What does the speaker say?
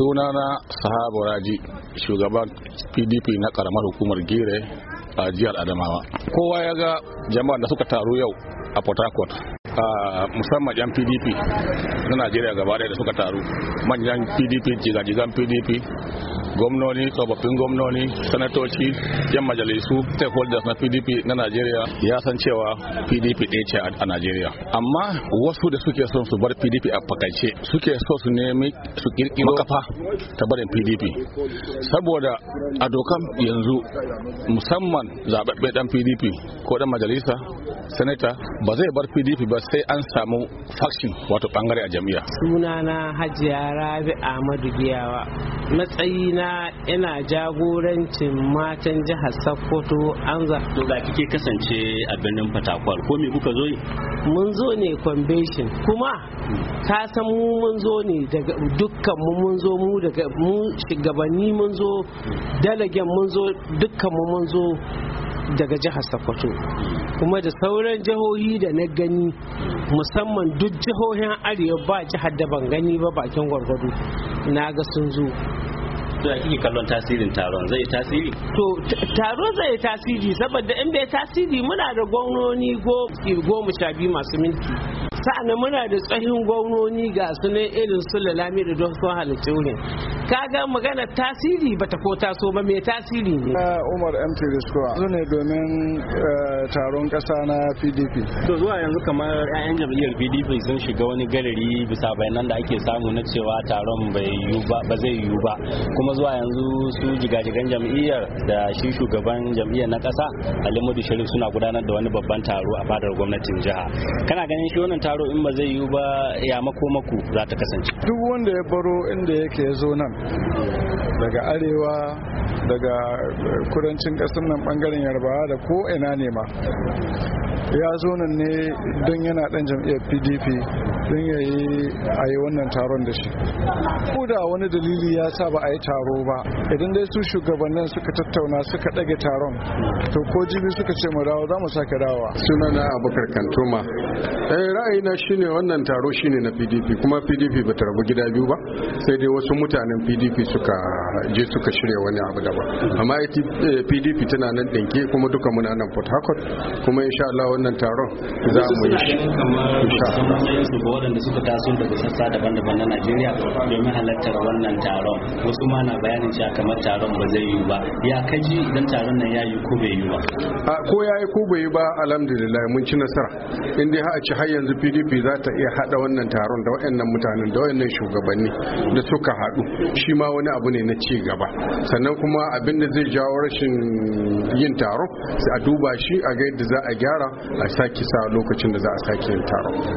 sunana sahabu raji shugaban pdp na karamar hukumar gire a jihar adamawa kowa ya ga jama'a da suka taru yau a port harcourt musamman yan pdp na najeriya gaba da suka taru manyan pdp jigajigan pdp gwamnoni tsofaffin gwamnoni sanatoci yan majalisu stakeholders na pdp na najeriya ya san cewa pdp ɗaya ce a najeriya amma wasu da suke son su bar pdp a fakaice suke so su nemi su kirkiro kafa ta barin pdp saboda a dokan yanzu musamman zaɓaɓɓen dan pdp ko ɗan majalisa senator ba zai bar pdp ba sai an samu faction wato bangare a jam'iyya sunana hajiya rabi ahmadu giyawa matsayina yana jagorancin matan jihar sokoto an za to ga kike kasance a birnin fatakwal ko me kuka zo mun zo ne convention kuma ka san mu mun zo ne daga dukkan mu mun zo mu daga mu shugabanni mun zo dalagen mun zo dukkan mu mun zo daga jihar sokoto kuma da sauran jihohi da na gani musamman duk jihohin arewa ba jihar da ban gani ba bakin gwargwado na ga sun zo da kike kallon tasirin taron zai tasiri to taro zai tasiri saboda in bai tasiri muna da gwamnoni goma sha biyu masu minti sa'ana muna da tsahin gwamnoni ga su ne irin su lalami da don son halittu ne kaga magana tasiri bata ko taso ba mai tasiri ne umar mt riskowa zo ne domin eh, taron kasa na pdp to zuwa yanzu kamar 'ya'yan jam'iyyar pdp sun shiga wani galeri bisa bayanan da ake samu na cewa taron bai ba ba zai yiwu ba kuma zuwa yanzu su jigajigan jam'iyyar da shi shugaban jam'iyyar na kasa alimudu sharif suna gudanar da wani babban taro a fadar gwamnatin jiha kana ganin shi wannan taro in ba zai yiwu ba ya makomaku za ta kasance duk wanda ya baro inda yake ya zo nan daga arewa daga eh, kudancin ƙasar nan bangaren yarbawa da ko ina ne ma ya zo nan ne don yana ɗan jam'iyyar pdp don ya yi a yi wannan taron da shi ko da wani dalili ya sa ba a yi taro ba idan dai su shugabannin suka tattauna suka ɗage taron to ko jibi suka ce mu dawo za mu sake dawowa na abubakar kantoma eh ra'ayina shine wannan taro shine na pdp kuma pdp ba ta rabu gida biyu ba sai dai wasu mutanen pdp suka je suka shirya wani abu daban amma pdp eh, tana nan ɗinke kuma duka muna nan port harcourt kuma insha Allah wannan taron za mu yi shi waɗanda suka taso daga sassa daban-daban na Najeriya domin halartar wannan taron wasu ma na bayanin cewa kamar taron ba zai yiwu ba ya kaji idan taron nan ya yi ko bai yi ba a ko ya yi ko bai yi ba alhamdulillah mun ci nasara in dai har ci har yanzu PDP za ta iya haɗa wannan taron da waɗannan mutanen da waɗannan shugabanni da suka haɗu shi ma wani abu ne na ci gaba sannan kuma abin da zai jawo rashin yin taron taro a duba shi a ga yadda za a gyara a sake sa lokacin da za a sake yin taron.